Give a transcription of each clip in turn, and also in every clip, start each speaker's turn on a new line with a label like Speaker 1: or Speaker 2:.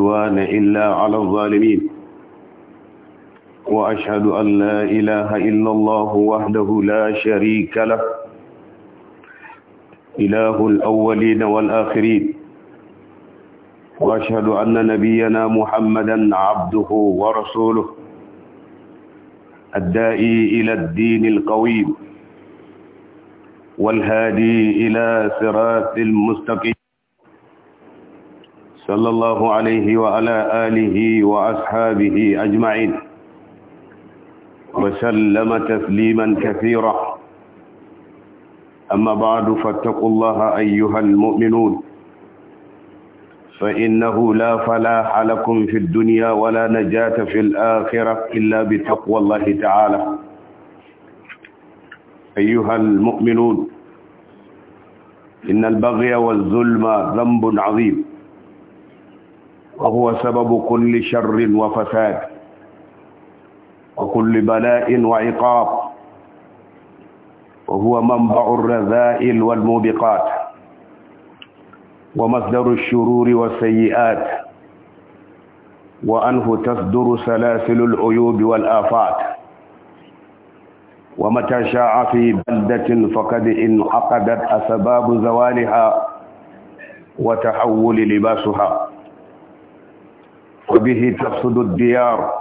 Speaker 1: عدوان إلا على الظالمين وأشهد أن لا إله إلا الله وحده لا شريك له إله الأولين والآخرين وأشهد أن نبينا محمدا عبده ورسوله الدائي إلى الدين القويم والهادي إلى صراط المستقيم صلى الله عليه وعلى آله وأصحابه أجمعين وسلم تسليما كثيرا أما بعد فاتقوا الله أيها المؤمنون فإنه لا فلاح لكم في الدنيا ولا نجاة في الآخرة إلا بتقوى الله تعالى أيها المؤمنون إن البغي والظلم ذنب عظيم وهو سبب كل شر وفساد وكل بلاء وعقاب وهو منبع الرذائل والموبقات ومصدر الشرور والسيئات وأنه تصدر سلاسل العيوب والآفات ومتى شاع في بلدة فقد انعقدت أسباب زوالها وتحول لباسها وبه تفسد الديار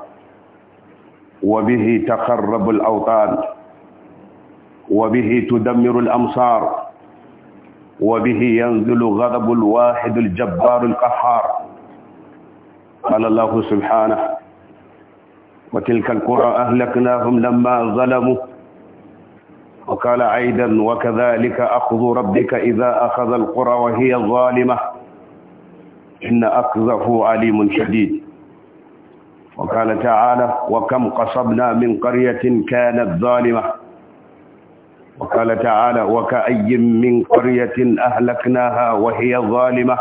Speaker 1: وبه تخرب الأوطان وبه تدمر الأمصار وبه ينزل غضب الواحد الجبار القهار قال الله سبحانه وتلك القرى أهلكناهم لما ظلموا وقال عيدا وكذلك أخذ ربك إذا أخذ القرى وهي ظالمة إن أقذفه عليم شديد وقال تعالى وكم قصبنا من قرية كانت ظالمة وقال تعالى وكأي من قرية أهلكناها وهي ظالمة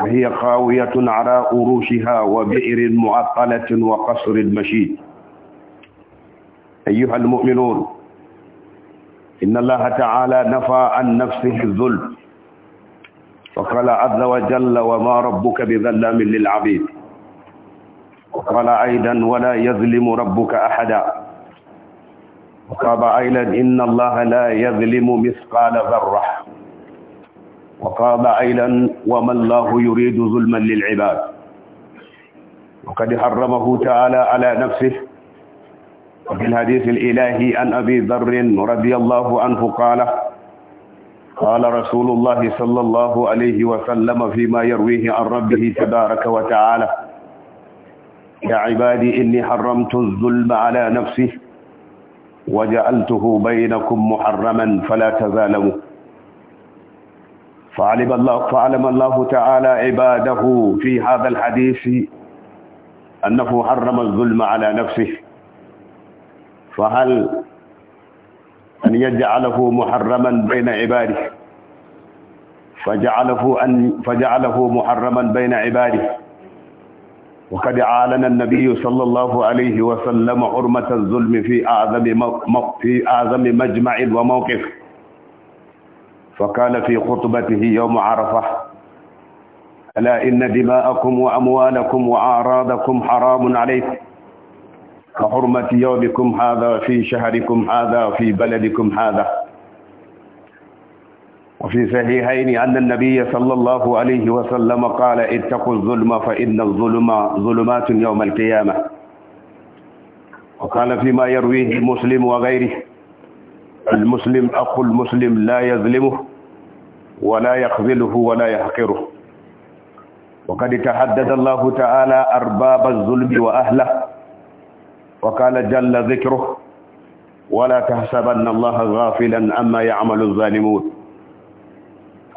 Speaker 1: وهي خاوية على أروشها وبئر معطلة وقصر مشيد أيها المؤمنون إن الله تعالى نفى عن نفسه الظلم وقال عز وجل وما ربك بظلام للعبيد وقال أيضا ولا يظلم ربك أحدا وقال أيضا إن الله لا يظلم مثقال ذرة وقال أيضا وما الله يريد ظلما للعباد وقد حرمه تعالى على نفسه وفي الحديث الإلهي عن أبي ذر رضي الله عنه قال قال رسول الله صلى الله عليه وسلم فيما يرويه عن ربه تبارك وتعالى يا عبادي إني حرمت الظلم على نفسي وجعلته بينكم محرما فلا تزالموا فعلم الله, فعلم الله تعالى عباده في هذا الحديث أنه حرم الظلم على نفسه فهل أن يجعله محرما بين عباده فجعله أن فجعله محرما بين عباده وقد أعلن النبي صلى الله عليه وسلم حرمة الظلم في أعظم في أعظم مجمع وموقف فقال في خطبته يوم عرفة ألا إن دماءكم وأموالكم وأعراضكم حرام عليكم كحرمة يومكم هذا وفي شهركم هذا وفي بلدكم هذا وفي صحيحين أن النبي صلى الله عليه وسلم قال اتقوا الظلم فإن الظلم ظلمات يوم القيامة وقال فيما يرويه مسلم وغيره المسلم أخو المسلم لا يظلمه ولا يخذله ولا يحقره وقد تحدد الله تعالى أرباب الظلم وأهله وقال جل ذكره ولا تحسبن الله غافلا عما يعمل الظالمون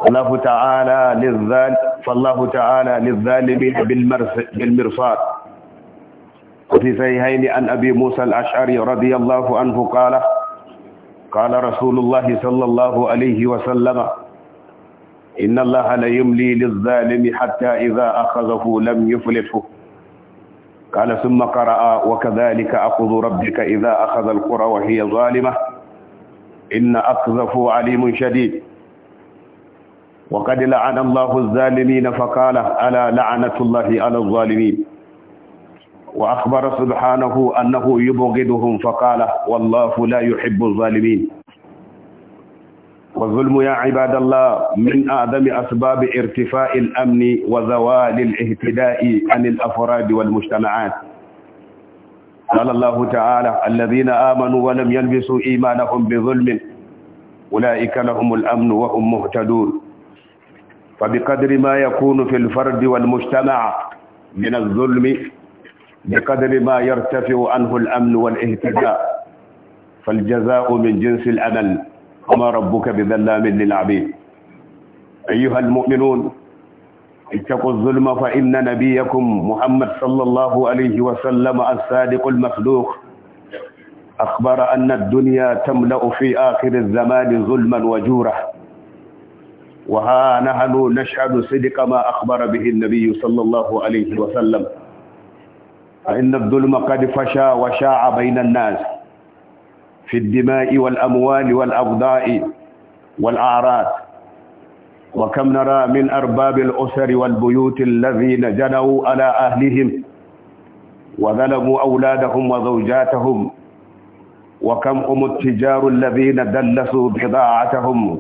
Speaker 1: الله تعالى للذال فالله تعالى للظالمين بالمرصاد وفي صحيحين عن ابي موسى الاشعري رضي الله عنه قال قال رسول الله صلى الله عليه وسلم ان الله لا يملي للظالم حتى اذا اخذه لم يفلته قال ثم قرأ وكذلك أخذ ربك إذا أخذ القرى وهي ظالمة إن أخذه عليم شديد وقد لعن الله الظالمين فقال ألا لعنة الله على الظالمين وأخبر سبحانه أنه يبغضهم فقال والله لا يحب الظالمين والظلم يا عباد الله من أعظم أسباب ارتفاع الأمن وزوال الاهتداء عن الأفراد والمجتمعات قال الله تعالى الذين آمنوا ولم يلبسوا إيمانهم بظلم أولئك لهم الأمن وهم مهتدون فبقدر ما يكون في الفرد والمجتمع من الظلم بقدر ما يرتفع عنه الأمن والاهتداء فالجزاء من جنس الأمل وما ربك بظلام للعبيد أيها المؤمنون اتقوا الظلم فإن نبيكم محمد صلى الله عليه وسلم الصادق المصدوق أخبر أن الدنيا تملأ في آخر الزمان ظلما وجورا وها نحن نشهد صدق ما أخبر به النبي صلى الله عليه وسلم فإن الظلم قد فشى وشاع بين الناس في الدماء والأموال والأبضاء والأعراض وكم نرى من أرباب الأسر والبيوت الذين جنوا على أهلهم وظلموا أولادهم وزوجاتهم وكم هم التجار الذين دلسوا بضاعتهم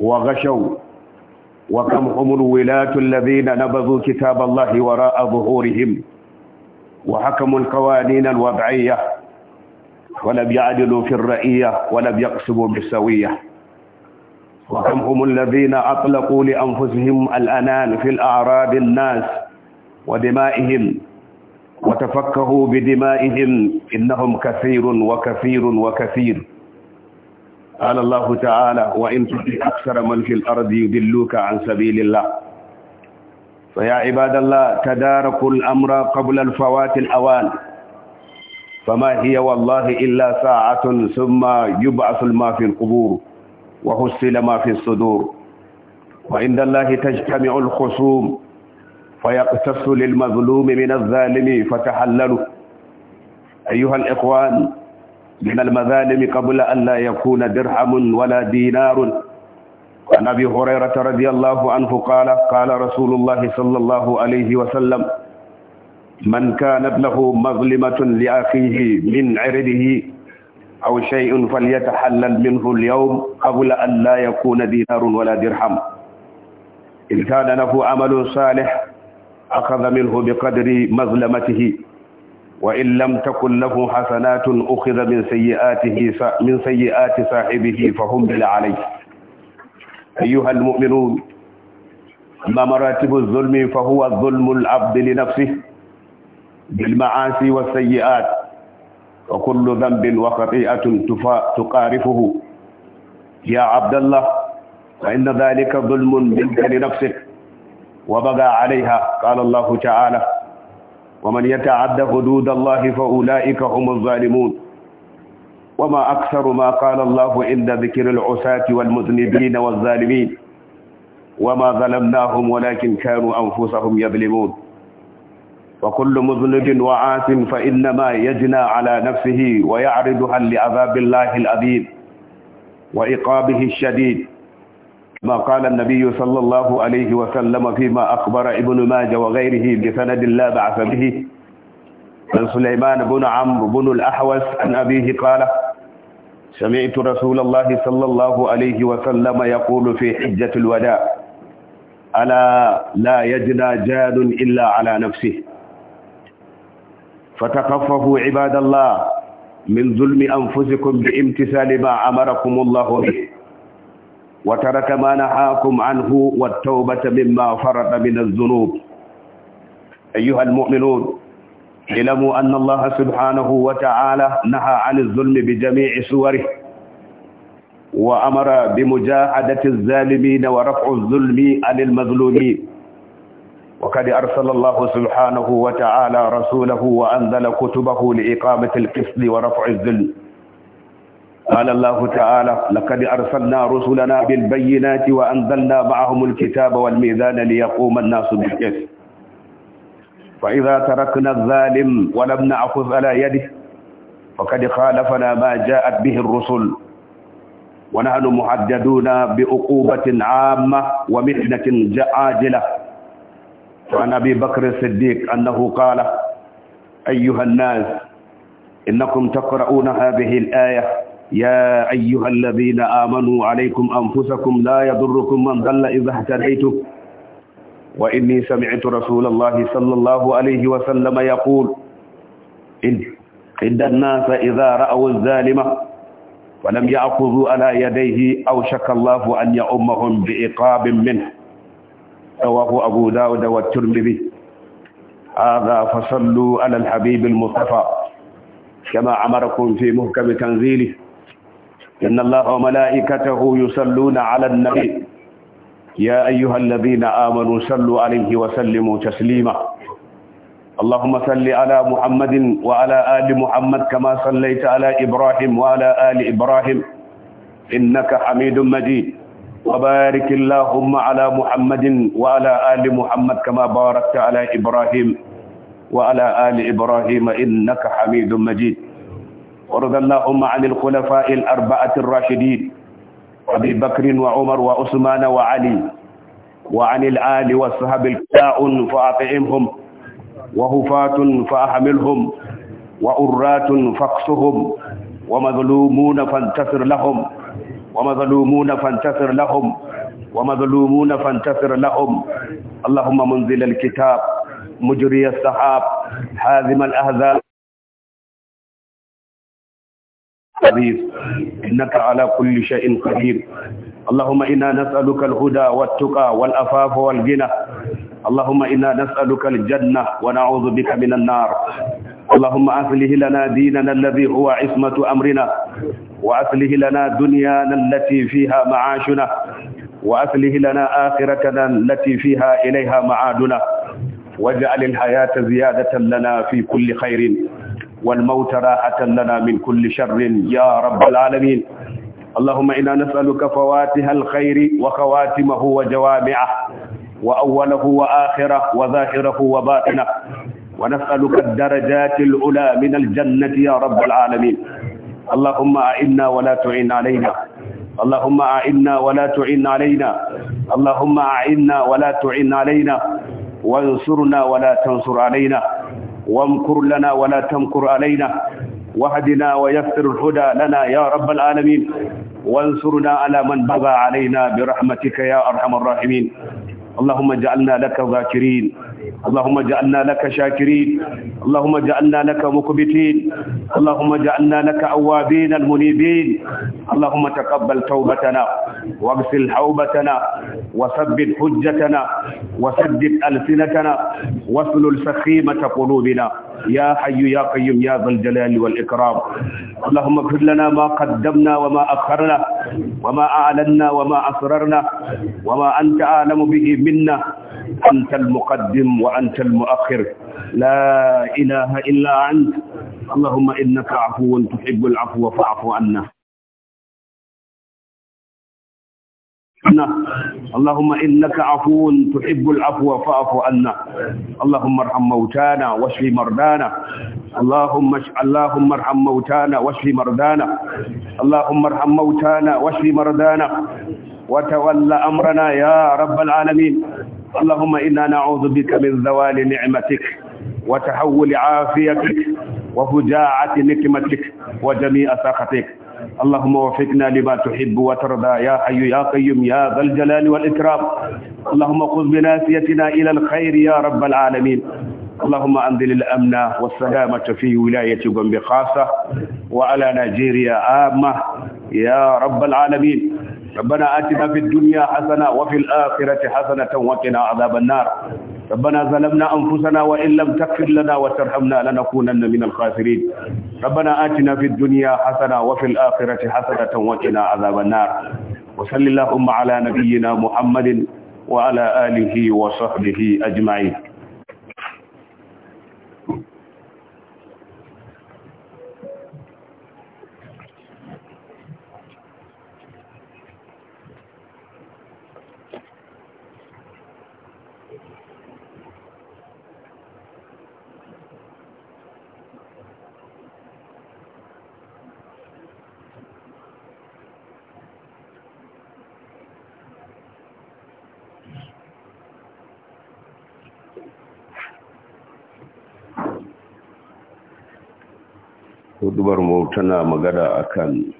Speaker 1: وغشوا وكم هم الولاة الذين نبذوا كتاب الله وراء ظهورهم وحكموا القوانين الوضعيه ولم يعدلوا في الرئية ولم يقسموا بالسوية وكم هم الذين أطلقوا لأنفسهم الأنان في الأعراض الناس ودمائهم وتفكهوا بدمائهم إنهم كثير وكثير وكثير قال الله تعالى وإن تطع أكثر من في الأرض يدلوك عن سبيل الله فيا عباد الله تداركوا الأمر قبل الفوات الأوان فما هي والله إلا ساعة ثم يبعث ما في القبور وحسل ما في الصدور وعند الله تجتمع الخصوم فيقتص للمظلوم من الظالم فتحلله أيها الإخوان من المظالم قبل أن لا يكون درهم ولا دينار وعن أبي هريرة رضي الله عنه قال قال رسول الله صلى الله عليه وسلم من كانت له مظلمة لأخيه من عرضه أو شيء فليتحلل منه اليوم قبل أن لا يكون دينار ولا درهم إن كان له عمل صالح أخذ منه بقدر مظلمته وإن لم تكن له حسنات أخذ من سيئاته من سيئات صاحبه فهم عليه أيها المؤمنون أما مراتب الظلم فهو ظلم العبد لنفسه بالمعاصي والسيئات وكل ذنب وخطيئة تقارفه يا عبد الله فإن ذلك ظلم منك لنفسك وبغى عليها قال الله تعالى ومن يتعد حدود الله فأولئك هم الظالمون وما أكثر ما قال الله عند ذكر العساة والمذنبين والظالمين وما ظلمناهم ولكن كانوا أنفسهم يظلمون وكل مذنب وعاث فإنما يجنى على نفسه ويعرضها لعذاب الله العظيم وإقابه الشديد ما قال النبي صلى الله عليه وسلم فيما أخبر ابن ماجه وغيره بسند لا بعث به عن سليمان بن عمرو بن الأحوس عن أبيه قال سمعت رسول الله صلى الله عليه وسلم يقول في حجة الوداع ألا لا يجنى جاد إلا على نفسه فتخففوا عباد الله من ظلم أنفسكم بامتثال ما أمركم الله به وترك ما نهاكم عنه والتوبة مما فرط من الذنوب أيها المؤمنون اعلموا أن الله سبحانه وتعالى نهى عن الظلم بجميع صوره وأمر بمجاهدة الظالمين ورفع الظلم عن المظلومين وقد أرسل الله سبحانه وتعالى رسوله وأنزل كتبه لإقامة القسط ورفع الذل قال الله تعالى لقد أرسلنا رسلنا بالبينات وأنزلنا معهم الكتاب والميزان ليقوم الناس بالقسط فإذا تركنا الظالم ولم نأخذ على يده فقد خالفنا ما جاءت به الرسل ونحن محددون بأقوبة عامة ومحنة عاجلة وعن أبي بكر الصديق أنه قال أيها الناس إنكم تقرؤون هذه الآية يا أيها الذين آمنوا عليكم أنفسكم لا يضركم من ضل إذا اهتديتم وإني سمعت رسول الله صلى الله عليه وسلم يقول إن إن الناس إذا رأوا الظالم ولم يأخذوا على يديه أوشك الله أن يؤمهم بعقاب منه رواه أبو داود والترمذي هذا فصلوا على الحبيب المصطفى كما أمركم في محكم تنزيله إن الله وملائكته يصلون على النبي يا أيها الذين آمنوا صلوا عليه وسلموا تسليما اللهم صل على محمد وعلى آل محمد كما صليت على إبراهيم وعلى آل إبراهيم إنك حميد مجيد وبارك اللهم على محمد وعلى آل محمد كما باركت على إبراهيم وعلى آل إبراهيم إنك حميد مجيد ورضى اللهم عن الخلفاء الأربعة الراشدين أبي بكر وعمر وعثمان وعلي وعن الآل والصحاب الكاء فأطعمهم وهفاة فأحملهم وأرات فاقصهم ومظلومون فانتصر لهم ومظلومون فانتصر لهم ومظلومون فانتصر لهم اللهم منزل الكتاب مجري السحاب حازم الأهزال إنك على كل شيء قدير اللهم إنا نسألك الهدى والتقى والأفاف والغنى اللهم إنا نسألك الجنة ونعوذ بك من النار اللهم اصلح لنا ديننا الذي هو عصمة أمرنا وأفله لنا دنيانا التي فيها معاشنا وأفله لنا آخرتنا التي فيها إليها معادنا واجعل الحياة زيادة لنا في كل خير والموت راحة لنا من كل شر يا رب العالمين اللهم إنا نسألك فواتها الخير وخواتمه وجوامعه وأوله وآخره وظاهره وباطنه ونسألك الدرجات العلى من الجنة يا رب العالمين اللهم أعنا ولا تعن علينا اللهم أعنا ولا تعن علينا اللهم أعنا ولا تعن علينا وانصرنا ولا تنصر علينا وامكر لنا ولا تمكر علينا واهدنا ويسر الهدى لنا يا رب العالمين وانصرنا على من بغى علينا برحمتك يا أرحم الراحمين اللهم اجعلنا لك ذاكرين اللهم اجعلنا لك شاكرين اللهم اجعلنا لك مكبتين اللهم اجعلنا لك أوابين المنيبين اللهم تقبل توبتنا واغسل حوبتنا وثبت حجتنا وسدد ألسنتنا واسلل سخيمة قلوبنا يا حي يا قيوم يا ذا الجلال والإكرام اللهم اغفر لنا ما قدمنا وما أخرنا وما أعلنا وما أسررنا وما أنت أعلم به منا أنت المقدم وأنت المؤخر لا إله إلا أنت اللهم إنك عفو تحب العفو فاعف عنا اللهم إنك عفو تحب العفو فاعف عنا اللهم ارحم موتانا واشف مرضانا اللهم ش... اللهم ارحم موتانا واشف مرضانا اللهم ارحم موتانا واشف مرضانا وتول أمرنا يا رب العالمين اللهم إنا نعوذ بك من زوال نعمتك وتحول عافيتك وفجاعة نكمتك وجميع ساختك اللهم وفقنا لما تحب وترضى يا حي يا قيوم يا ذا الجلال والإكرام اللهم خذ بناسيتنا إلى الخير يا رب العالمين اللهم أنزل الأمن والسلامة في ولاية جنب خاصة وعلى نيجيريا عامة يا رب العالمين ربنا آتنا في الدنيا حسنة وفي الآخرة حسنة وقنا عذاب النار ربنا ظلمنا أنفسنا وإن لم تغفر لنا وترحمنا لنكونن من الخاسرين ربنا آتنا في الدنيا حسنة وفي الآخرة حسنة وقنا عذاب النار وصل اللهم على نبينا محمد وعلى آله وصحبه أجمعين hudubar mu tana magana akan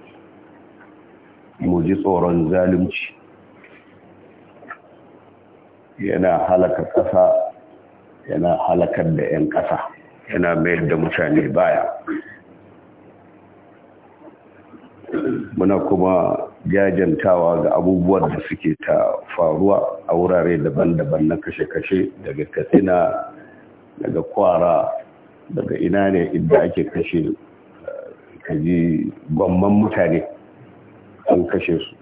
Speaker 1: muji tsoron zalunci yana halaka ƙasa yana halakar da 'yan ƙasa yana mayar da mutane baya muna kuma jajantawa ga abubuwan da suke ta faruwa a wurare daban-daban na kashe-kashe daga katsina daga kwara daga ina ne inda ake kashe ka ji gwamman mutane an kashe su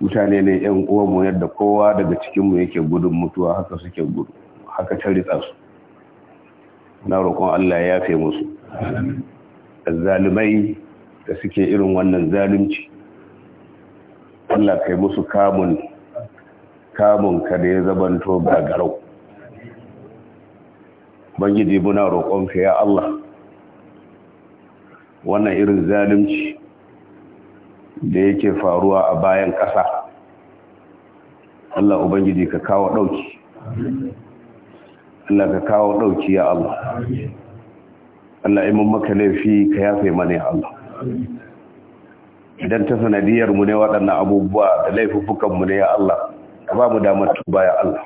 Speaker 1: mutane ne yan uwanmu yadda kowa daga cikinmu yake gudun mutuwa haka suke gudu haka ta ritsa su na roƙon Allah ya fi musu zalimai da suke irin wannan zalunci Allah kai musu kamun kamun ka da ya zabanto garau bangiji muna roƙon ka ya Allah wannan irin zalunci da yake faruwa a bayan ƙasa Allah ubangiji ka kawo ɗauki Allah ka kawo ɗauki ya Allah Allah imin maka laifi ka yafe mana ya Allah idan ta sanadiyar mu ne waɗannan abubuwa da laifukanmu mu ne ya Allah ka ba mu damar tuba ya Allah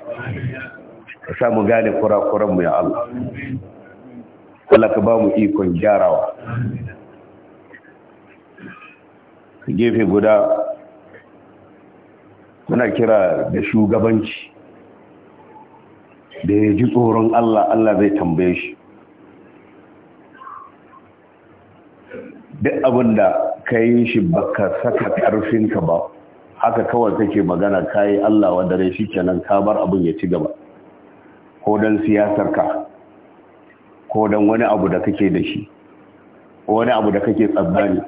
Speaker 1: ka sa mu gane kura mu ya Allah Allah ka ba mu ikon gyarawa gefe guda muna kira da shugabanci da ya ji tsoron Allah Allah zai tambaye shi duk abin da ka yi shi ba ka saka ƙarfinka ba haka kawai kake magana ka yi Allah wanda rai shi kenan ka bar abin ya ci gaba ko don siyasarka ko don wani abu da kake da shi wani abu da kake tsammani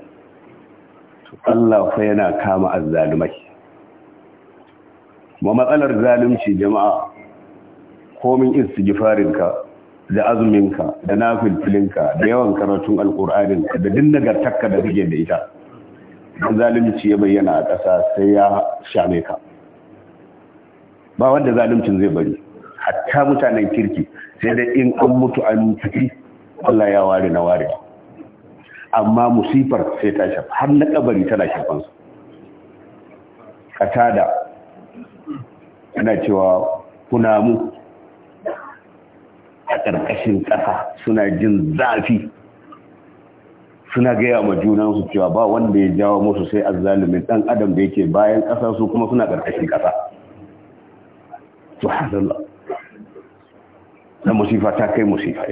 Speaker 1: Allah fa yana kama azzalumai ma matsalar zalunci jama'a komin ka, da azumin ka da ka, da yawan karatun ka da din nagartakka da kake da ita dan zalunci ya bayyana a ƙasa sai ya shame ka ba wanda zaluncin zai bari hatta mutanen kirki sai dai in an mutu an tafi Allah ya ware na ware amma musifar sai ta shafa har na kabari tana shafansa katada yana cewa kunamu a ƙarƙashin ƙasa suna jin zafi suna gaya ma junansu cewa ba wanda ya jawo musu sai azzalumin ɗan adam da yake bayan ƙasa su kuma suna ƙarƙashin ƙasa subhanallah na musifa ta kai musifa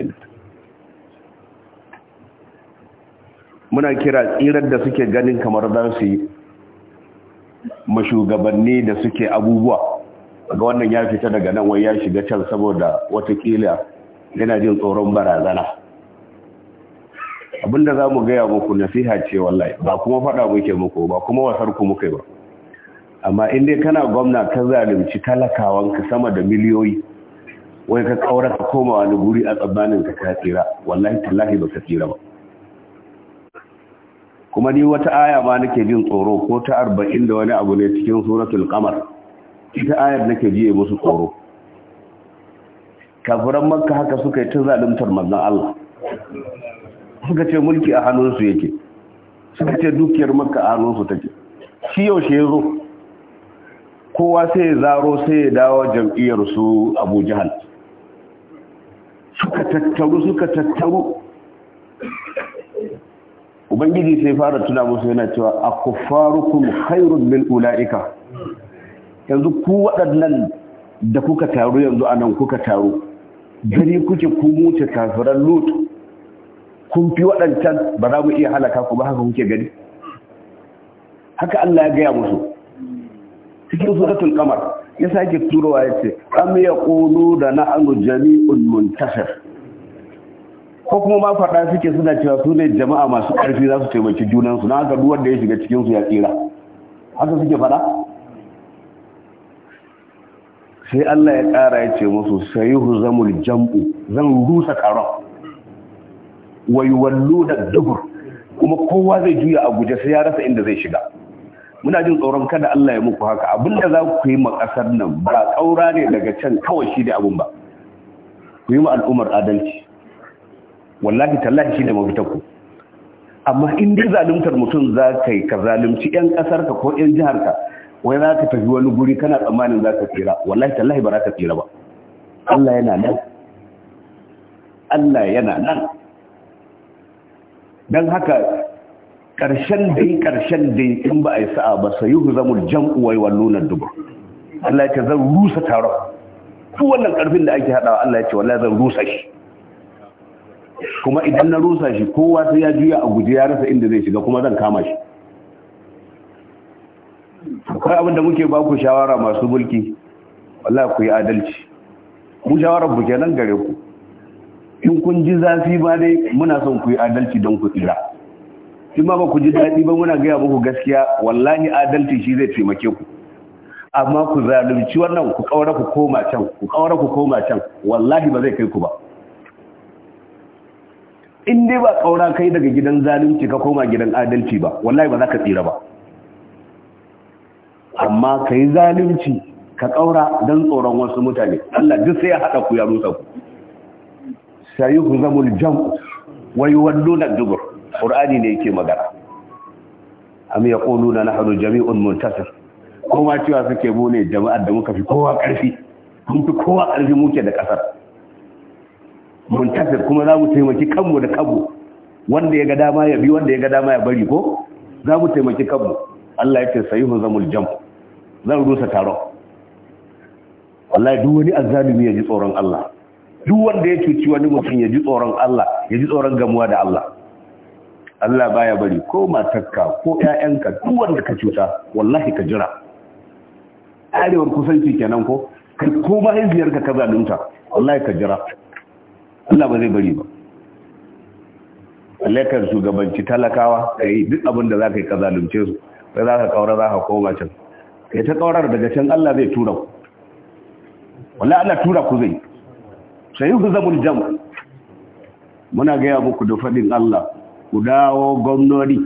Speaker 1: muna kira tsirar da suke ganin kamar za su yi mashugabanni da suke abubuwa ga wannan ya fita daga nan wai ya shiga can saboda watakila yana jin tsoron barazana abinda za mu gaya muku nasiha ce wallahi ba kuma fada muke muku ba kuma wasar ku muka ba amma in dai kana gwamna ka zalunci talakawanka sama da miliyoyi wai ka kaura ka komawa wani guri a tsammanin ka ka tsira wallahi tallahi ba ka tsira ba kuma ni wata aya ma nake jin tsoro ko ta arba'in da wani abu ne cikin suratul qamar ita ayar nake jiye musu tsoro kafiran makka haka suka yi ta zalimtar manzon Allah suka ce mulki a hannunsu yake suka ce dukiyar makka a hannunsu take shi yaushe ya zo kowa sai ya zaro sai ya dawo jam'iyyar su abu jihal suka tattaru suka tattaru ubangiji sai fara tuna musu yana cewa a kufarukun hairun min ula'ika yanzu ku waɗannan da kuka taru yanzu anan kuka taru gari kuke ku ce kafiran lut kun fi waɗancan ba za mu iya halaka ku ba haka kuke gani, haka Allah ya gaya musu cikin suratul kamar ya sake turowa yace am ƙono da na'anu jami'un muntashir ko kuma ma faɗa suke suna cewa su ne jama'a masu ƙarfi za su taimaki junansu na haka duwar da ya shiga cikinsu ya tsira haka suke faɗa sai Allah ya ƙara ya ce musu sayi zamul jam'u zan rusa ƙaron wallo da dubur kuma kowa zai juya a guje sai ya rasa inda zai shiga muna jin tsoron kada Allah ya muku haka abinda za ku yi ma ƙasar nan ba kaura ne daga can kawai shi da abin ba ku yi ma al'ummar adalci wallahi tallahi shi da mafitar ku amma in dai zaluntar mutum za ka yi ka zalunci 'yan ƙasarka ko 'yan jiharka wai za ka tafi wani guri kana tsammanin za ka tsira wallahi tallahi ba za ka tsira ba Allah yana nan Allah yana nan don haka ƙarshen dai ƙarshen dai in ba a yi sa'a ba sai hu zamul jam'u wai wallunan dubu Allah ya ce zan rusa taron su wannan ƙarfin da ake haɗawa Allah ya ce wallahi zan rusa shi kuma idan na rusa shi kowa sai ya juya a guje ya rasa inda zai shiga kuma zan kama shi akwai abinda muke ba ku shawara masu mulki wallahi ku yi adalci mu shawarar ku kenan gare ku in kun ji zafi ba dai muna son ku yi adalci don ku tsira in ma ba ku ji daɗi ba muna gaya muku gaskiya wallahi adalci shi zai taimake ku amma ku zalunci wannan ku ƙaura ku koma can ku ƙaura ku koma can wallahi ba zai kai ku ba in dai ba kaura kai daga gidan zalunci ka koma gidan adalci ba wallahi ba za ka tsira ba amma ka yi zalunci ka kaura don tsoron wasu mutane Allah duk sai ya haɗa ku ya rusa ku sayi ku zama jam wai wallo na dubur ƙur'ani ne yake magana am ya ƙonu na nahanu jami'un muntasir kuma cewa suke mune jama'ar da muka fi kowa ƙarfi mun fi kowa ƙarfi muke da ƙasar muntasir kuma za mu taimaki kanmu da kanmu wanda ya ga dama ya bi wanda ya ga dama ya bari ko za mu taimaki kanmu Allah ya ce sayuhu zamul jam zan rusa taro wallahi duk wani azzalimi ya ji tsoron Allah duk wanda ya cuci wani mutum ya ji tsoron Allah ya ji tsoron gamuwa da Allah Allah baya bari ko matarka ko ƴaƴanka duk wanda ka cuta wallahi ka jira arewar kusanci kenan ko kai ko mahaifiyarka ka zalunta wallahi ka jira Allah ba zai bari ba Alekar shugabanci talakawa ka yi duk abin da za ka yi ka su sai za ka kaura za ka koma can ya ta kaurar daga can Allah zai tura ku wala Allah tura ku zai sai ku zamul jam muna gaya muku da faɗin Allah ku dawo gwamnati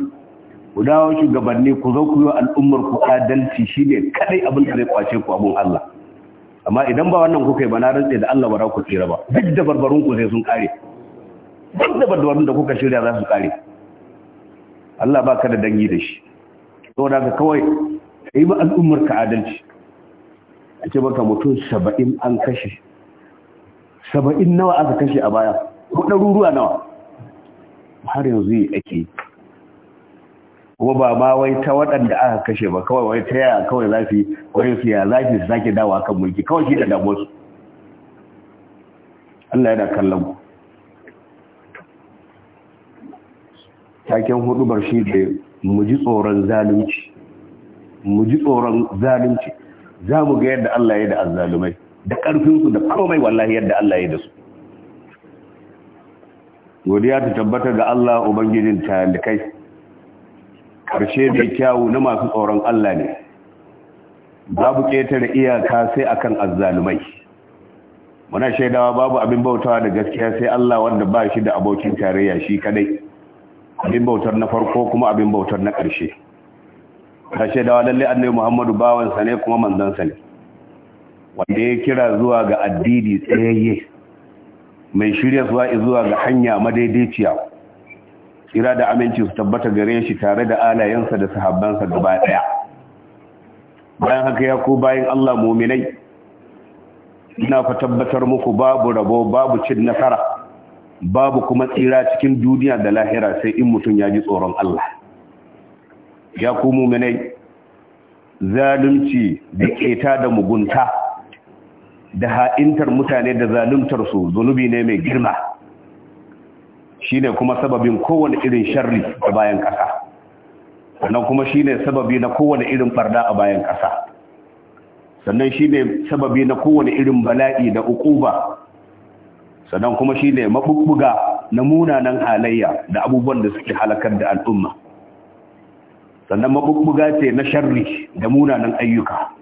Speaker 1: ku dawo shugabanni ku zo ku yi al'ummar ku adalci shine kaɗai abin da zai kwace ku abin Allah amma idan ba wannan kuka yi ba na rantse da Allah ba za ku tsira ba duk da barbarun ku sai sun kare duk da barbarun da kuka shirya za su kare Allah ba ka da dangi da shi da ka kawai yi ma al'ummar ka adalci a ce baka mutum saba'in an kashe saba'in nawa aka kashe a baya ko ɗaruruwa nawa har yanzu yi ake yi kuma ba ma wai ta waɗanda aka kashe ba kawai wai ta yaya kawai za su wai su ya za su sake dawa kan mulki kawai shi da damuwar su Allah yana kallon ku taken bar shi da mu ji tsoron zalunci mu ji tsoron zalunci za mu ga yadda Allah ya da azzalumai da ƙarfinsu da komai wallahi yadda Allah ya da su godiya ta tabbata ga Allah ubangijin kai? Karshe mai kyawu na masu tsoron Allah ne babu ƙetare iyaka sai akan azzalumai muna shaidawa babu abin bautawa da gaskiya sai Allah wanda ba shi da abokin tarayya shi kadai abin bautar na farko kuma abin bautar na ƙarshe ta shaidawa lalle annabi Muhammadu bawansa ne kuma manzansa ne wanda ya kira zuwa ga addini tsayayye mai shirya zuwa ga hanya madaidaiciya kira da aminci su tabbata gare shi tare da alayensa da sahabbansa gaba daya bayan haka ya ku bayan Allah muminai ina fa tabbatar muku babu rabo babu cin nasara babu kuma tsira cikin duniya da lahira sai in mutum ya ji tsoron Allah ya ku muminai zalunci da keta da mugunta da ha'intar mutane da zaluntar su zunubi ne mai girma Shi ne kuma sababin kowane irin sharri a bayan ƙasa sannan kuma ne sababi na kowane irin farda a bayan ƙasa sannan ne sababi na kowane irin bala'i da ukuba sannan kuma shi ne mabubbuga na munanan halayya da abubuwan da suke halakar da al'umma sannan mabubbuga ce na sharri da munanan ayyuka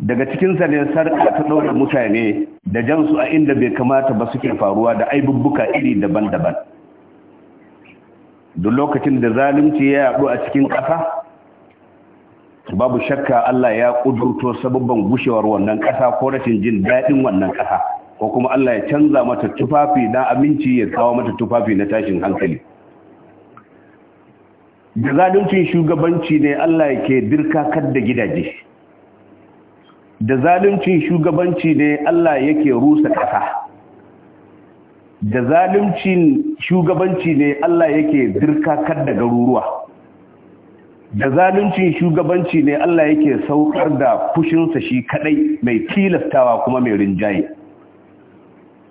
Speaker 1: daga cikin ne sarka ta ɗaura mutane da jansu a inda bai kamata ba suke faruwa da aibubbuka iri daban-daban duk lokacin da zalunci ya yaɗu a cikin ƙasa babu shakka Allah ya ƙudurto sababban gushewar wannan ƙasa ko rashin jin daɗin wannan ƙasa ko kuma Allah ya canza mata tufafi na aminci ya kawo mata tufafi na tashin hankali da zaluncin shugabanci ne Allah ke dirka kadda gidaje da zalunci shugabanci ne Allah yake rusa ƙasa da zalunci shugabanci ne Allah yake dirkakar da garuruwa da zalunci shugabanci ne Allah yake saukar da fushinsa shi kadai mai tilastawa kuma mai rinjaye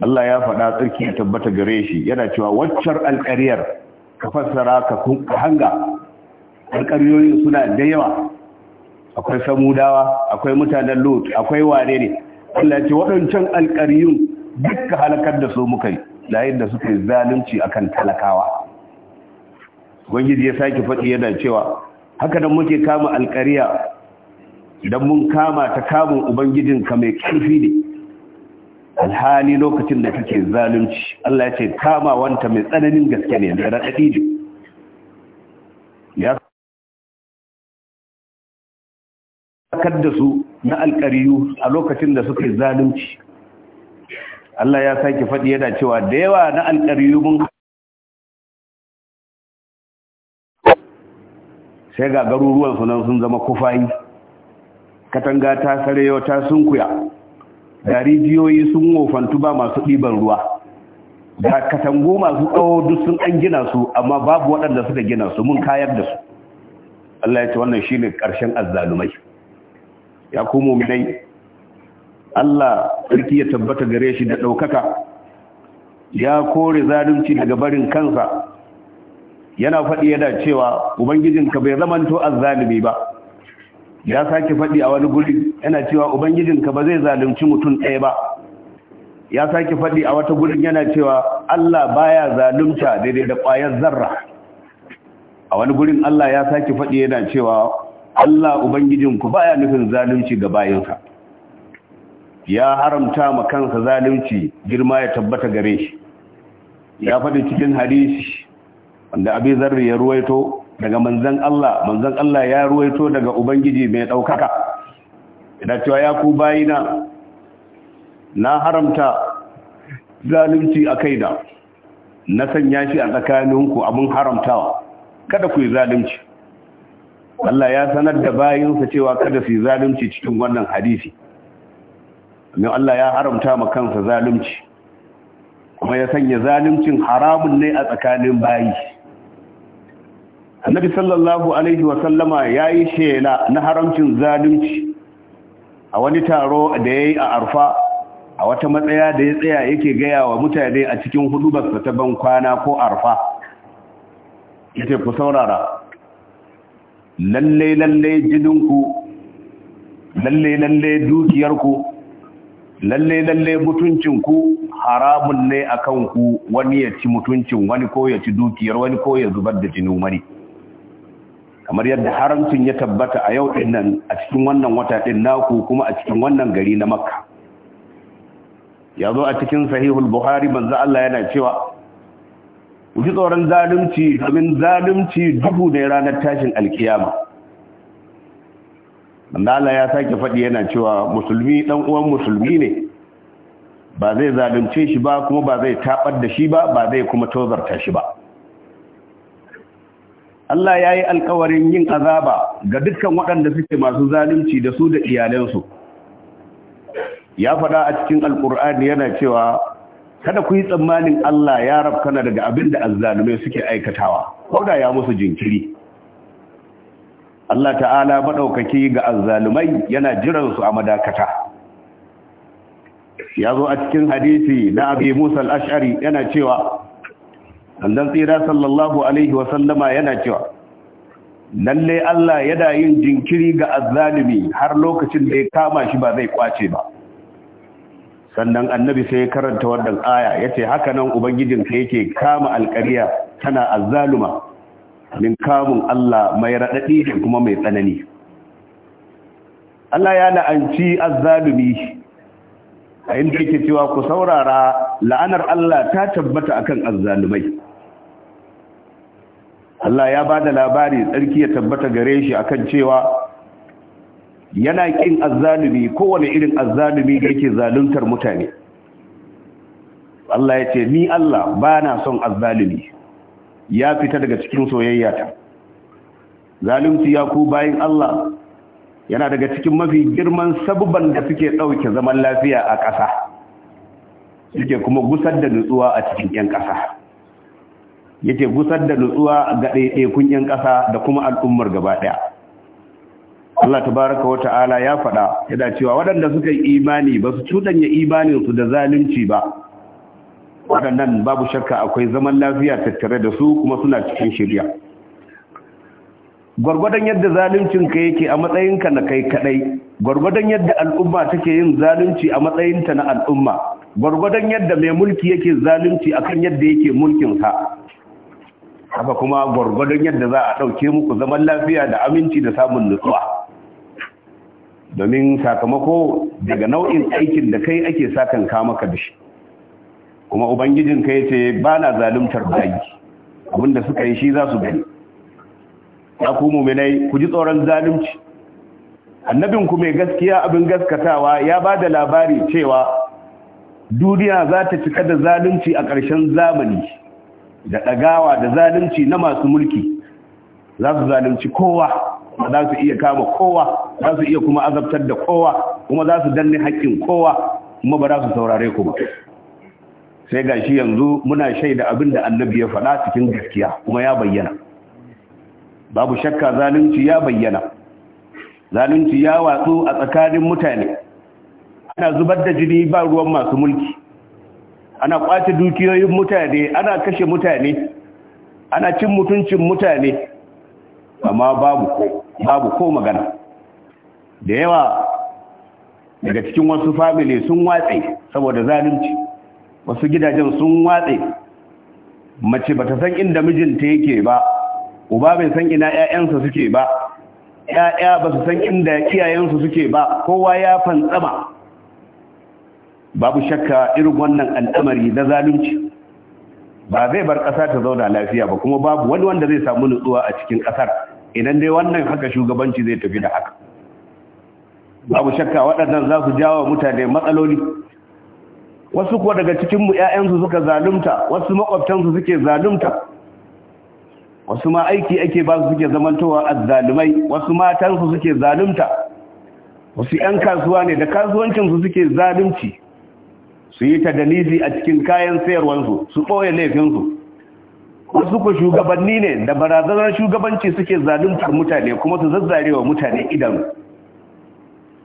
Speaker 1: Allah ya faɗa tsarki ya tabbata gare shi yana cewa waccar alƙariyar ka fassara ka hanga alƙariyoyin suna da yawa akwai samudawa akwai mutanen lot akwai ware ne Allah ce waɗancan alƙaryun duka halakar da su muka yi da suka yi zalunci akan talakawa gwangiji ya sake faɗi yana cewa haka nan muke kama alƙariya idan mun kama ta kamun ubangijinka mai ƙarfi ne alhali lokacin da kake zalunci Allah ya ce kama wanta mai tsananin gaske ne da
Speaker 2: raɗaɗi ne sakar da su na alƙariyu a lokacin da suka yi zalunci
Speaker 1: Allah ya sake faɗi yana cewa da yawa na alƙariyu mun sai ga garuruwan nan sun zama kufayi katanga ta sarewa ta kuya da rijiyoyi sun wofantu ba masu ɗiban ruwa da katangu masu tsawo duk sun an gina su amma babu waɗanda suka gina su mun kayar da su Allah ya ce wannan shi ne ƙarshen azzalumai ya ku mu'minai Allah sarki ya tabbata gare shi da ɗaukaka ya kore zalunci daga barin kansa yana faɗi yana cewa ubangijinka bai zamanto azzalimi ba ya sake faɗi a wani guri yana cewa ubangijinka ba zai zalunci mutum ɗaya ba ya sake faɗi a wata gurin yana cewa Allah baya zalunta daidai da ƙwayar zarra a wani gurin Allah ya sake faɗi yana cewa Allah Ubangijinku baya nufin zalunci ga bayansa, ya haramta ma kansa zalunci girma ya tabbata gare shi ya faɗi cikin hadisi wanda abin zarri ya ruwaito daga manzan Allah manzan Allah ya ruwaito daga Ubangiji mai ɗaukaka da cewa ya ku bayina na haramta zalunci a kai da, na sanya shi a tsakaninku abin haramtawa kada ku yi zalunci Allah ya sanar da bayinsa cewa kada su yi zalunci cikin wannan hadisi amma Allah ya haramta ma kansa zalunci kuma ya sanya zaluncin haramun ne a tsakanin bayi Annabi sallallahu alaihi wa sallama yayi shela na haramcin zalunci a wani taro da yayi a Arfa a wata matsaya da ya tsaya yake gaya wa mutane a cikin sa ta ban kwana ko Arfa Yake ku saurara lalle lalle jininku lalle lalle dukiyarku lalle lalle mutuncinku haramun ne a kanku wani ya ci mutuncin wani ko ya ci dukiyar wani ko ya zubar da jinin wani kamar yadda haramcin ya tabbata a yau din nan a cikin wannan wata din naku kuma a cikin wannan gari na makka ya zo a cikin sahihul buhari manzo Allah yana cewa ku ji tsoron zalunci domin zalunci duhu ne ranar tashin alkiyama Allah ya sake faɗi yana cewa musulmi ɗan uwan musulmi ne ba zai zalunce shi ba kuma ba zai taɓar da shi ba ba zai kuma tozarta shi ba Allah ya yi alkawarin yin azaba ga dukkan waɗanda suke masu zalunci da su da iyalansu ya faɗa a cikin alkur'ani yana cewa kada ku yi tsammanin Allah ya rafkana daga abin da azzalumai suke aikatawa ko da ya musu jinkiri Allah ta'ala madaukaki ga azzalumai yana jiran su a madakata ya zo a cikin hadisi na abi Musa al-Ash'ari yana cewa annan tsira sallallahu alaihi wa sallama yana cewa lalle Allah yana yin jinkiri ga azzalumi har lokacin da ya kama shi ba zai kwace ba sannan annabi sai ya karanta wannan aya ce haka nan ubangijinka yake kama alkariya tana azzaluma min kamun Allah mai raɗaɗi da kuma mai tsanani Allah ya la'anci azzalumi a inda yake cewa ku saurara la'anar Allah ta tabbata akan azzalumai Allah ya ba da labari tsarki ya tabbata gare shi akan cewa yana kin azzalumi kowane irin azzalumi da yake zaluntar mutane Allah ya ce ni Allah ba na son azzalumi ya fita daga cikin soyayya ta zalunci ya ku bayin Allah yana daga cikin mafi girman sabban da suke ɗauke zaman lafiya a ƙasa suke kuma gusar da nutsuwa a cikin 'yan ƙasa yake gusar da nutsuwa ga ɗaiɗaikun 'yan ƙasa da kuma al'ummar gaba ɗaya Allah tabaraka wa ta'ala ya faɗa yana cewa waɗanda suka yi imani ba su cuɗanya imaninsu da zalunci ba waɗannan babu shakka akwai zaman lafiya tattare da su kuma suna cikin shirya gwargwadon yadda zaluncinka yake a matsayinka na kai kadai gwargwadon yadda al'umma take yin zalunci a matsayinta na al'umma gwargwadon yadda mai mulki yake zalunci akan yadda yake ka. haka kuma gwargwadon yadda za a ɗauke muku zaman lafiya da aminci da samun nutsuwa domin sakamako daga nau'in aikin da kai ake sakan maka da shi kuma ubangijin kai ce ba na zalimtar bayi abinda suka yi shi za su gani ya ku muminai ku ji tsoron zalunci ku mai gaskiya abin gaskatawa ya ba da labari cewa duniya za ta cika da zalunci a ƙarshen zamani da ɗagawa da zalunci na masu mulki za su zalunci kowa ba za su iya kama kowa za su iya kuma azabtar da kowa kuma za su danne haƙƙin kowa kuma ba za su saurare ku ba sai ga shi yanzu muna shaida abin da annabi ya faɗa cikin gaskiya kuma ya bayyana babu shakka zalunci ya bayyana zalunci ya watsu a tsakanin mutane ana zubar da jini ba ruwan masu mulki ana kwace dukiyoyin mutane ana kashe mutane ana cin mutuncin mutane amma babu ko babu ko magana da yawa daga cikin wasu family sun watse saboda zalunci wasu gidajen sun watse mace bata san inda mijinta yake ba uba bai san ina ƴaƴansa suke ba ƴaƴa ba su san inda iyayensu suke ba kowa ya fantsama babu shakka irin wannan al'amari na zalunci ba zai bar ƙasa ta zauna lafiya ba kuma babu wani wanda zai samu nutsuwa a cikin ƙasar idan dai wannan haka shugabanci zai tafi da haka babu shakka waɗannan za su jawo mutane matsaloli wasu kuwa daga cikinmu 'ya'yansu suka zalumta, wasu maƙwabtansu suke zalumta. wasu ma aiki ake ba su suke zamantowa azzalumai wasu matansu suke zalumta. wasu 'yan kasuwa ne da kasuwancinsu suke zalunci su yi ta dalili a cikin kayan sayarwarsu, su ɓoye laifinsu wasu ku shugabanni ne da barazanar shugabanci suke zaluntar mutane kuma su wa mutane idan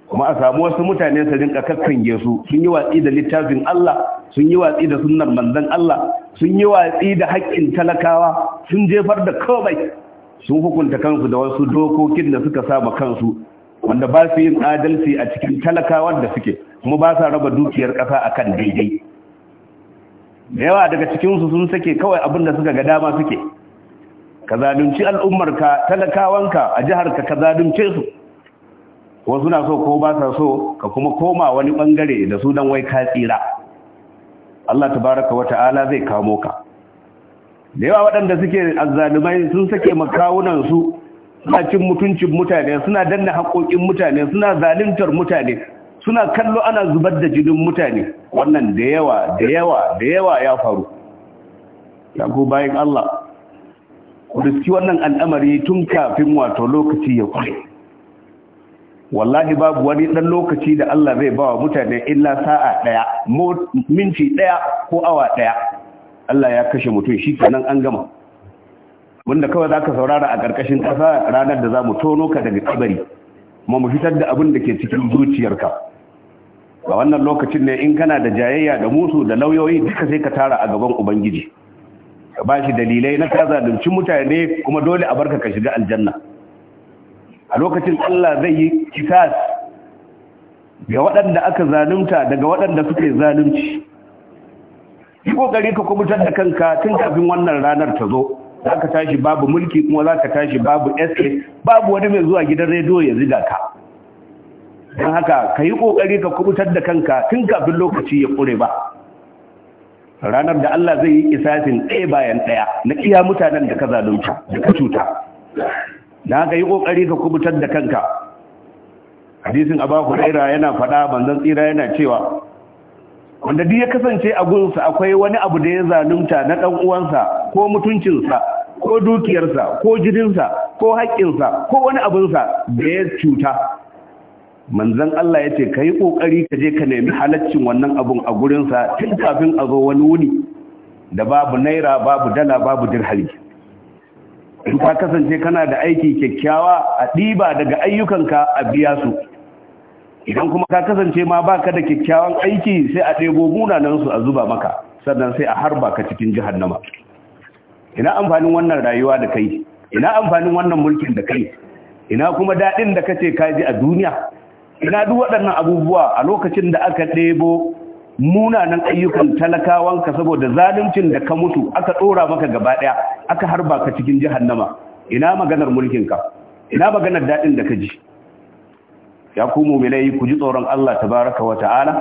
Speaker 1: kuma a samu wasu mutane su rinka kakkange su sun yi watsi da littafin Allah sun yi watsi da sunnar manzon Allah sun yi watsi da haƙƙin talakawa sun jefar da komai sun hukunta kansu da wasu dokokin da suka saba kansu wanda ba su yin adalci a cikin talakawar da suke kuma ba sa raba dukiyar ƙasa akan daidai da yawa daga cikinsu sun sake kawai abin da suka ga dama suke ka zalunci al'ummarka talakawanka a jihar ka zalunce su Ko suna so ko ba sa so ka kuma koma wani bangare da su dan wai ka tsira Allah tabaraka wa ta'ala zai kamo ka da yawa waɗanda suke azzalumai sun sake makawunan su suna cin mutuncin mutane suna danna haƙoƙin mutane suna zaluntar mutane suna kallo ana zubar da jinin mutane wannan da yawa da yawa da yawa ya faru ya ku bayan Allah riski wannan al'amari tun kafin wato lokaci ya kware wallahi babu wani dan lokaci da Allah zai bawa mutane illa sa'a daya minti daya ko awa daya Allah ya kashe mutum shi kenan an gama wanda kawai zaka saurara a ƙarƙashin ƙasa ranar da za mu tono ka daga kabari kuma fitar da abin da ke cikin zuciyarka a wannan lokacin ne in kana da jayayya da musu da lauyoyi duka sai ka tara a gaban ubangiji ka ba shi dalilai na ta zalunci mutane kuma dole a barka ka shiga aljanna a lokacin Allah zai yi kisas ga waɗanda aka zalunta daga waɗanda suke zalunci yi kokari ka kubutar da kanka tun kafin wannan ranar ta zo za ka tashi babu mulki kuma za ka tashi babu sk babu wani mai zuwa gidan rediyo ya ziga ka don haka ka yi ƙoƙari ka kubutar da kanka tun kafin lokaci ya ƙure ba ranar da Allah zai yi isasin ɗaya bayan ɗaya na iya mutanen da ka zalunta da ka cuta na ka yi ƙoƙari ka kubutar da kanka hadisin abaku yana faɗa banzan tsira yana cewa wanda duk ya kasance a gunsa akwai wani abu da ya zanunta na ɗan uwansa ko mutuncinsa ko dukiyarsa ko jirinsa ko haƙƙinsa ko wani abinsa da ya cuta manzan Allah ya ce ka yi ƙoƙari ka je ka nemi halaccin wannan abun a gurinsa tun kafin a zo wani wuni da babu naira babu dala babu dirhari. in ka kasance kana da aiki kyakkyawa a ɗiba daga ayyukanka a biya su idan kuma ka kasance ma baka da kyakkyawan aiki sai a ɗebo munanan su a zuba maka sannan sai a harba ka cikin jahannama ina amfanin wannan rayuwa da kai ina amfanin wannan mulkin da kai ina kuma daɗin da kace ka ji a duniya ina duk waɗannan abubuwa a lokacin da aka ɗebo munanan ayyukan talakawanka saboda zaluncin da ka mutu aka ɗora maka gaba ɗaya aka harba ka cikin jahannama ina maganar mulkinka ina maganar daɗin da ka ji ya ku mu'minai ku ji tsoron Allah tabaraka wa ta'ala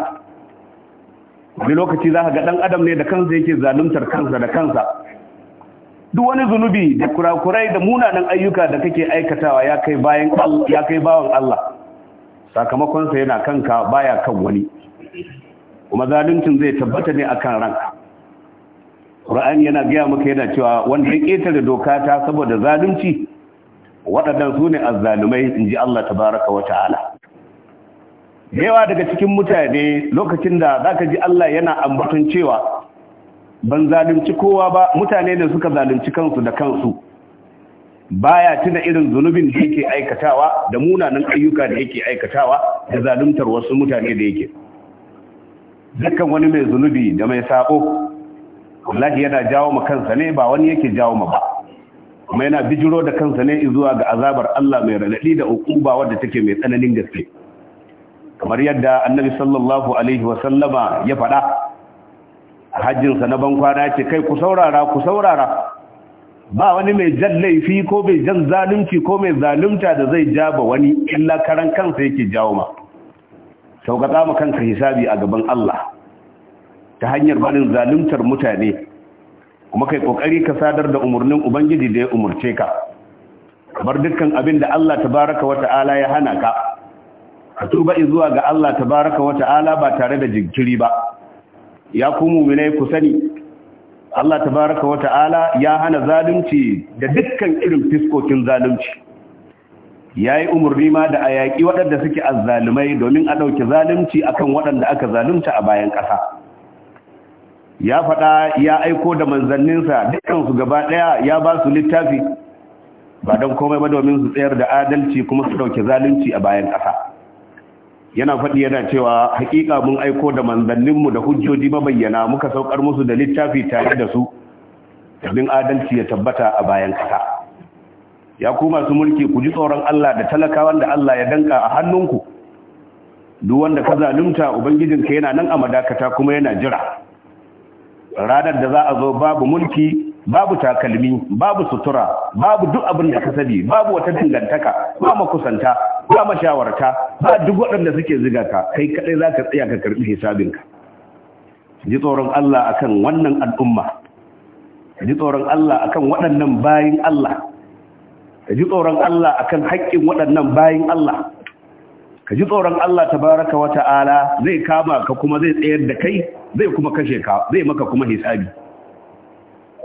Speaker 1: wani lokaci za ka ga ɗan adam ne da kansa yake zaluntar kansa da kansa duk wani zunubi da kurakurai da munanan ayyuka da kake aikatawa ya kai bayan ya kai bawan Allah sakamakonsa yana kanka baya kan wani kuma zaluncin zai tabbata ne akan ranka Qur'ani yana gaya maka yana cewa wanda ya ketare doka ta saboda zalunci waɗannan su ne azzalumai inji Allah tabaraka wa ta'ala yawa daga cikin mutane lokacin da zaka ji Allah yana ambaton cewa ban zalunci kowa ba mutane ne suka zalunci kansu da kansu baya tuna irin zunubin da yake aikatawa da munanan ayyuka da yake aikatawa da zaluntar wasu mutane da yake dukkan wani mai zunubi da mai sako wallahi yana jawo ma kansa ne ba wani yake jawo ma ba kuma yana bijiro da kansa ne zuwa ga azabar Allah mai radadi da ukuba wadda take mai tsananin gaske kamar yadda annabi sallallahu alaihi wasallama ya faɗa hajjinsa na ban kwana ce kai ku saurara ku saurara ba wani mai jan laifi ko mai jan zalunci ko mai zalunta da zai jaba wani illa karan kansa yake jawo ma saukata mu kanka hisabi a gaban Allah ta hanyar barin zaluntar mutane kuma kai ƙoƙari ka sadar da umarnin ubangiji da ya umarce ka kamar dukkan abin da Allah tabaraka wa ta'ala ya hana ka ka tuba zuwa ga Allah tabaraka wa ta'ala ba tare da jinkiri ba ya ku mu'minai ku sani Allah tabaraka wa ta'ala ya hana zalunci da dukkan irin fiskokin zalunci Ya yi umarni ma da ayaki waɗanda suke azzalumai domin a ɗauki zalunci a kan waɗanda aka zalunta a bayan ƙasa ya faɗa ya aiko da manzanninsa dukansu gaba ɗaya ya ba su littafi ba don komai ba domin su tsayar da adalci kuma su ɗauke zalunci a bayan ƙasa yana faɗi yana cewa hakika mun aiko da manzanninmu da hujjoji mabayyana muka saukar musu da littafi tare da su domin adalci ya tabbata a bayan kasa ya ku masu mulki ku ji tsoron Allah da talakawan da Allah ya danka a hannunku duk wanda ka zalunta ubangijinka yana nan a madakata kuma yana jira ranar da za a zo babu mulki babu takalmi babu sutura babu duk abin da ka sani babu wata dangantaka ba kusanta, ba mashawarta ba duk waɗanda suke ziga ka kai kadai za ka tsaya ka karɓi hisabinka ji tsoron Allah akan wannan al'umma ji tsoron Allah akan waɗannan bayin Allah ka ji tsoron Allah akan haƙƙin waɗannan bayin Allah ka ji tsoron Allah tabaraka wa ta'ala zai kama ka kuma zai tsayar da kai zai kuma kashe ka zai maka kuma hisabi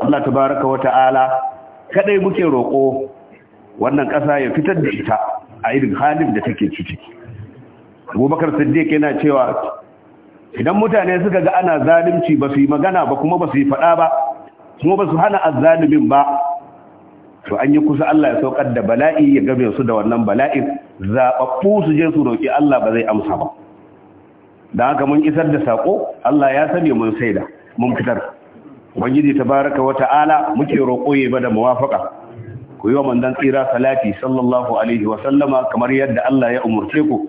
Speaker 1: Allah baraka wa ta'ala kadai muke roko wannan kasa ya fitar da ita a irin halin da take ciki Abubakar Siddiq yana cewa idan mutane suka ga ana zalunci ba su yi magana ba kuma ba su yi faɗa ba kuma ba su hana azzalimin ba to an yi kusa Allah ya saukar da bala'i ya gabe su da wannan bala'i zaɓaɓɓu su je su roƙi Allah ba zai amsa ba dan haka mun isar da sako? Allah ya sani mun saida mun fitar ubangiji tabaraka wa ta'ala muke roƙo ya bada muwafaka ku yi wa manzon tsira salati sallallahu alaihi wa sallama kamar yadda Allah ya umurce ku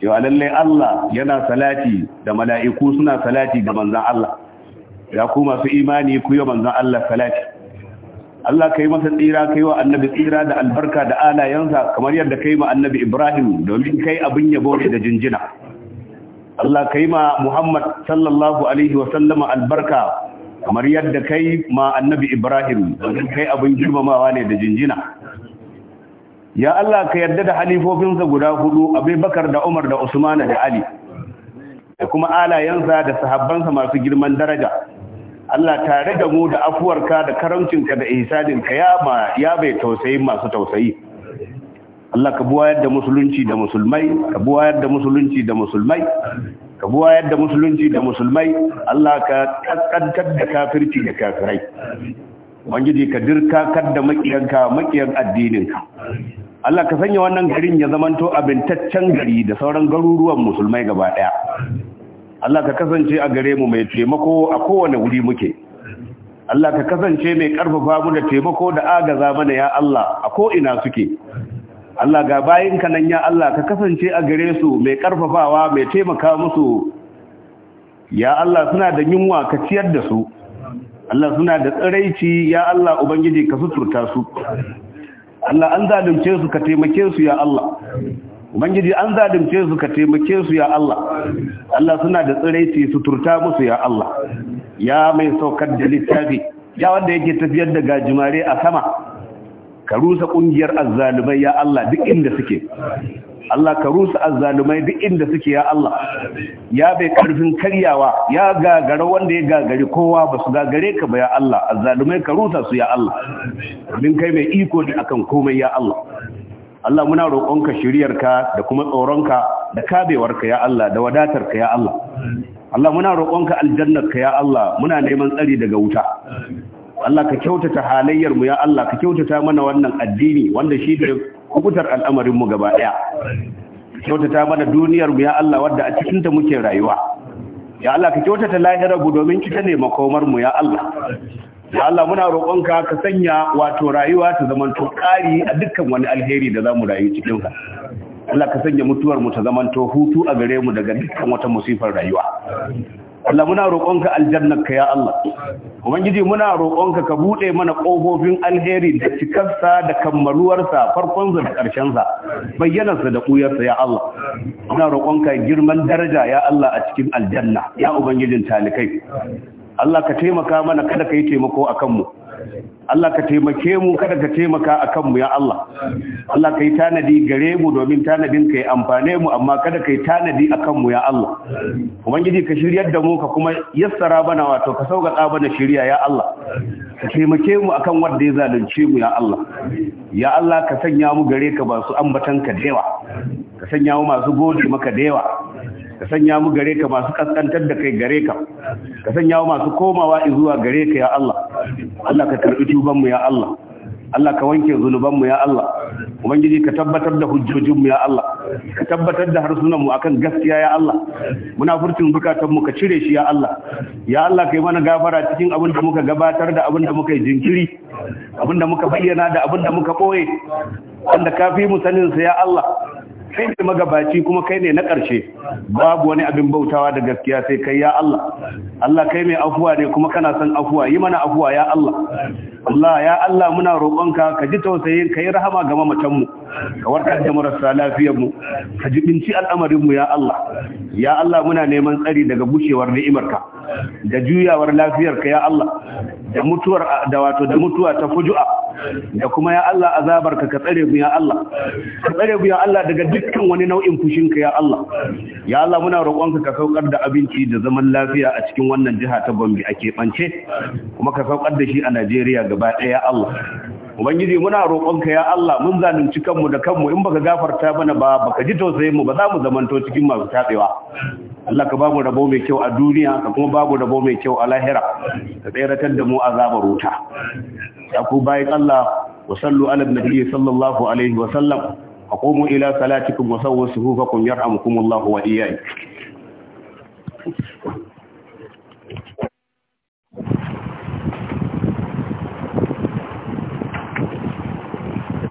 Speaker 1: cewa lalle Allah yana salati da mala'iku suna salati da manzon Allah ya ku masu imani ku yi wa manzon Allah salati Allah kai masa tsira kai wa annabi tsira da albarka da alayansa kamar yadda kai ma annabi Ibrahim domin kai abin yabo ne da jinjina Allah kai ma Muhammad sallallahu alaihi wa sallama albarka kamar yadda kai ma annabi Ibrahim wajen kai abin girmamawa ne da jinjina ya Allah ka yarda da halifofinsa guda hudu bakar da Umar da Usman da Ali da kuma alayensa da sahabbansa masu girman daraja Allah tare da mu da afuwarka da karamcinka da ihsaninka ya ya bai tausayin masu tausayi Allah ka buwayar da musulunci da musulmai ka buwayar da musulunci da musulmai ka buwayar da musulunci da musulmai Allah ka kaskantar da kafirci da kafirai wangiji ka dirka kar da makiyanka makiyan addininka Allah ka sanya wannan garin ya zamanto taccan gari da sauran garuruwan musulmai gaba daya Allah ka kasance a gare mu mai taimako a kowane wuri muke Allah ka kasance mai karfafa mu da taimako da agaza mana ya Allah a ko ina suke Allah ga bayinka nan ya Allah ka kasance a gare su mai karfafawa mai taimaka musu ya Allah suna da yunwa ka ciyar da su Allah suna da tsiraici ya Allah ubangiji ka suturta su Allah an zalunce su ka taimake su ya Allah ubangiji an zalunce su ka taimake su ya Allah Allah suna da tsiraici suturta musu ya Allah ya mai saukar da littafi ya wanda yake tafiyar da gajimare a sama ka rusa kungiyar azzalumai ya Allah duk inda suke Allah ka rusa azzalumai duk inda suke ya Allah ya bai karfin karyawa ya gagara wanda ya gagari kowa ba su gagare ka ba ya Allah azzalumai ka rusa su ya Allah domin kai mai iko ne akan komai ya Allah Allah muna roƙonka shiryarka da kuma tsoronka da kabewarka ya Allah da wadatarka ya Allah Allah muna roƙonka aljannarka ya Allah muna neman tsari daga wuta Allah ka kyautata halayyar mu ya Allah ka kyautata mana wannan addini wanda shi da kubutar al'amarin mu gaba daya kyautata mana duniyar mu ya Allah wadda a cikin ta muke rayuwa ya Allah ka kyautata lahira mu domin kita ne makomar mu ya Allah ya Allah muna roƙonka ka sanya wato rayuwa ta to ƙari a dukkan wani alheri da zamu rayu cikin ka Allah ka sanya mutuwar mu ta zamanto hutu a gare mu daga dukkan wata musifar rayuwa Allah muna roƙonka aljannarka ya Allah ubangiji muna roƙonka ka bude mana ƙofofin alheri da cikarsa da kammaluwarsa farkonsa da ƙarshensa bayyanarsa da ƙuyarsa ya Allah muna roƙonka girman daraja ya Allah a cikin aljanna ya ubangijin talikai Allah ka taimaka mana kada ka yi taimako a kanmu Allah ka taimake mu kada ka taimaka akan mu ya Allah Allah ka yi tanadi gare mu domin tanadin ka yi amfane mu amma kada ka yi tanadi akan mu ya Allah ubangiji ka shiryar da mu ka kuma yassara bana wato ka sauƙaƙa bana shirya ya Allah ka taimake mu akan wanda ya zalunce mu ya Allah ya Allah ka sanya mu gare ka ba su ambatan ka dewa ka sanya mu masu gode maka dewa ka sanya mu gare ka masu kaskantar da kai gare ka ka sanya mu masu komawa zuwa gare ka ya Allah Allah ka karbi tuban mu ya Allah Allah ka wanke zunubanmu ya Allah ubangiji ka tabbatar da hujjojinmu ya Allah ka tabbatar da harsunanmu akan gaskiya ya Allah muna furtin bukatanmu ka cire shi ya Allah ya Allah kai mana gafara cikin abin da muka gabatar da abin da muka yi jinkiri abin da muka bayyana da abin da muka boye wanda ka fi mu sanin sa ya Allah kai ne magabaci kuma kai ne na ƙarshe babu wani abin bautawa da gaskiya sai kai ya Allah Allah kai mai afuwa ne kuma kana son afuwa yi mana afuwa ya Allah Allah ya Allah muna roƙonka ka ji tausayin ka yi rahama ga mamatan mu ka warkar da marasa lafiyar mu ka jibinci al'amarin mu ya Allah ya Allah muna neman tsari daga bushewar ni'imarka da juyawar lafiyar ka ya Allah da mutuwar da wato da mutuwa ta fujua da kuma ya Allah azabar ka ka tsare mu ya Allah ka tsare mu ya Allah daga dukkan wani nau'in fushin ka ya Allah ya Allah muna roƙonka ka saukar da abinci da zaman lafiya a cikin wannan jiha ta Gombe a keɓance kuma ka saukar da shi a Najeriya gaba ɗaya Allah ubangiji muna roƙonka ya Allah mun zalunci kanmu da kanmu in baka gafarta mana ba baka ji tausayin mu ba za mu zamanto cikin masu tatsewa Allah ka bamu rabo mai kyau a duniya ka kuma bamu rabo mai kyau a lahira ka tseratar da mu azabar wuta ya ku bayan Allah wa sallu ala nabiyyi sallallahu alaihi wa sallam aqumu ila salatikum wa sawwu suhufakum yarhamukumullahu wa iyyakum